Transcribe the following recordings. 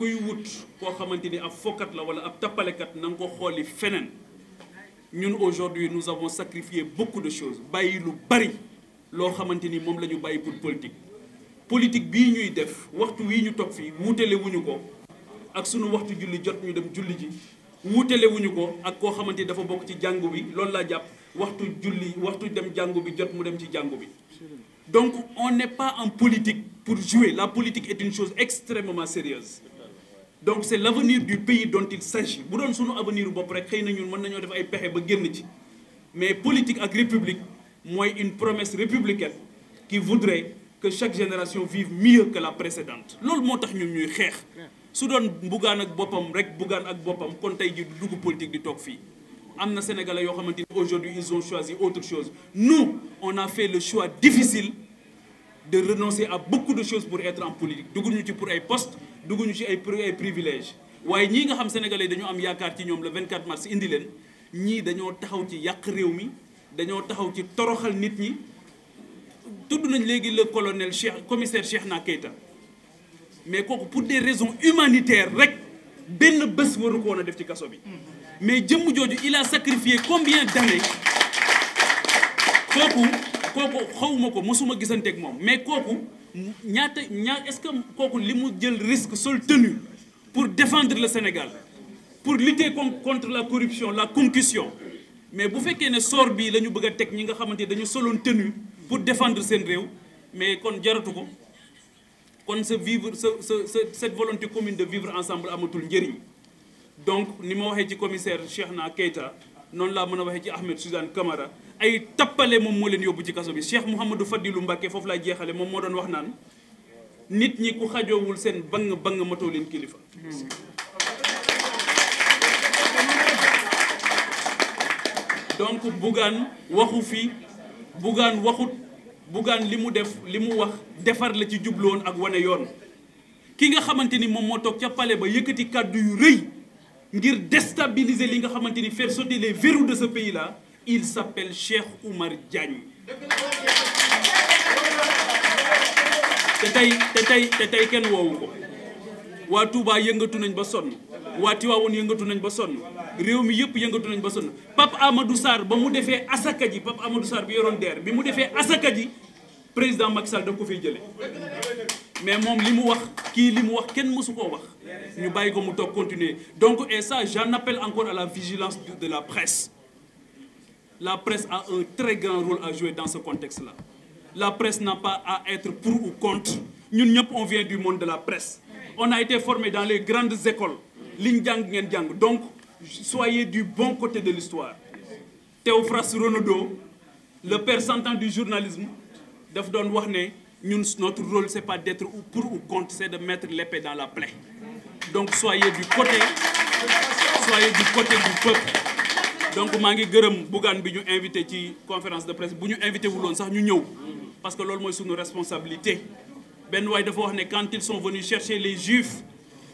kuy wut koo xamante ni ab fokkat la wala ab tappalekat na nga ko xooli feneen ñun aujourd'hui nous avons sacrifié beaucoup de choses bàyyi lu bari loo xamante ni moom la ñu bàyyi pour politique politique bi ñuy def waxtu wii ñu toog fii wuutale wuñu ko ak sunu waxtu julli jot ñu dem julli ji wuutale wuñu ko ak koo xamante ni dafa bokk ci jàngu bi loolu laa jàpp waxtu julli waxtu dem jàngu bi jot mu dem ci jàngu bi donc on ne pas en politique pour jouer la politique est une chose extrêmement donc c' est l' avenir du pays dont il s'agit bu doon sunu avenir bopp rek xëy na ñun mën nañoo def ay pexe ba génn ci mais politique ak république mooy une promesse républicaine qui voudrait que chaque génération vive mieux que la précédente loolu moo tax ñun ñuy xeex su doon buggaan ak boppam rek buggaan ak boppam kon tey ji dugg politique di toog fii am na sénégale yoo xamante ni aujourd'hui ils ont choisi autre chose nous on a fait le choix difficile de renoncer à beaucoup de choses pour être en politique dugguñu ci pour ay poste dugguñu ci ay ay waaye ñii nga xam sénégalais dañoo am yaakaar ci ñoom le 24 mars indi leen ñii dañoo taxaw ci yàq réew mi dañoo taxaw ci toroxal nit ñi tudd nañ léegi le colonel Cheikh commissaire Cheikhna Keita mais kooku pour des raisons humanitaires rek benn bés waru ko woon a def ci kaso bi mais jëmm jooju il a sacrifié combien d'années kooku kooku xawuma ko mosuma gisanteeg moom mais kooku ñaata ñaa est-ce que kooku li mu jël risque sol tenue pour défendre la Sénégal pour lutter contre la corruption la concussion mais bu fekkee ne sor bii la ñu bëgg a teg ñi nga xamante dañu soloon tenue pour défendre seen réew mais kon jaratu ko kon sa vivre sa sa cette volonté commune de vivre ensemble amatul njëriñ donc ni ma waxee ci commissaire Cheikhna Keita noonu laa mën a waxee ci Ahmed Suzanne kamara ay tappale moom moo leen yóbbu ci kaso bi Cheikh Mouhamadou Fadilou Mbacké foofu laay jeexale moom moo doon wax naan nit ñi ku xajoowul seen bang bang matoo leen kilifa donc Bougane waxu fi Bougane waxut Bougane li mu def li mu wax defar la ci jubloon ak wane yoon ki nga xamante ni moom moo toog ca palais ba yëkkati kàddu yu rëy ngir déstabiliser li nga xamante ni faire sauter les verrous de ce pays il s'appelle Cheikh Oumar Diagne te tey te tey te tey kenn woowu ko waa Touba yëngatu nañ ba sonn waa Tiwaawoon yëngatu nañ ba sonn réew mi yëpp yëngatu nañ ba sonn Pape Amadou Sarr ba mu defee asaka ji Pape Amadou Sarr bi yoroon DER bi mu defee asaka ji président Macky Sall da ko fiy jële mais moom li mu wax kii li mu wax kenn mësu koo wax ñu bàyyi ko mu toog continuer donc et ça j'en appelle encore à la vigilance de la presse La presse a un très grand rôle à jouer dans ce contexte-là. La presse n'a pas à être pour ou contre. Ñun ñëpp on vient du monde de la presse. On a été formé dans les grandes écoles. li ñu jàng ngeen jàng donc soyez du bon côté de l'histoire Théophraste Renaudot le père santant du journalisme daf doon wax ne ñun notre rôle c'est pas d'être pour ou contre c'est de mettre l'épée dans la plaie donc soyez du côté soyez du côté du peuple donc maa ngi gërëm Bougane bi ñu invité ci conférence de presse bu ñu invité sax ñu ñëw parce que loolu mooy suñu responsabilité benn waay dafa wax ne quand ils sont venus chercher les juifs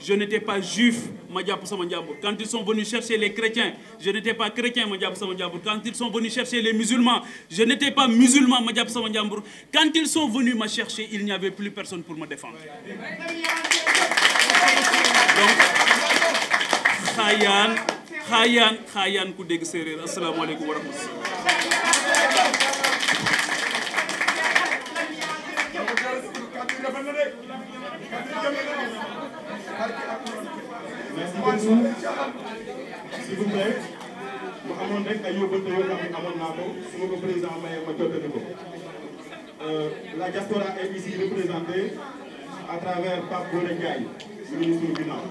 je n'étais pas juif ma jàpp sama njàmbur quand ils sont venus chercher les chrétiens je n'étais pas chrétien ma jàpp sama njàmbur quand ils sont venus chercher les musulmans je n'étais pas musulman ma jàpp sama njàmbur quand ils sont venus me chercher il n'y avait plus personne pour me défendre xaayaan xaayaan ku dégg séeréer asalaamaaleykum wa s'il vous plaît ma amoon rek ay yóbbante yoo xam ne amoon naa ko su ma ko président maye ma jottali ko la diaspora est ici représentée à travers Pape Gora Ndiaye mu ngi suñu ginnaaw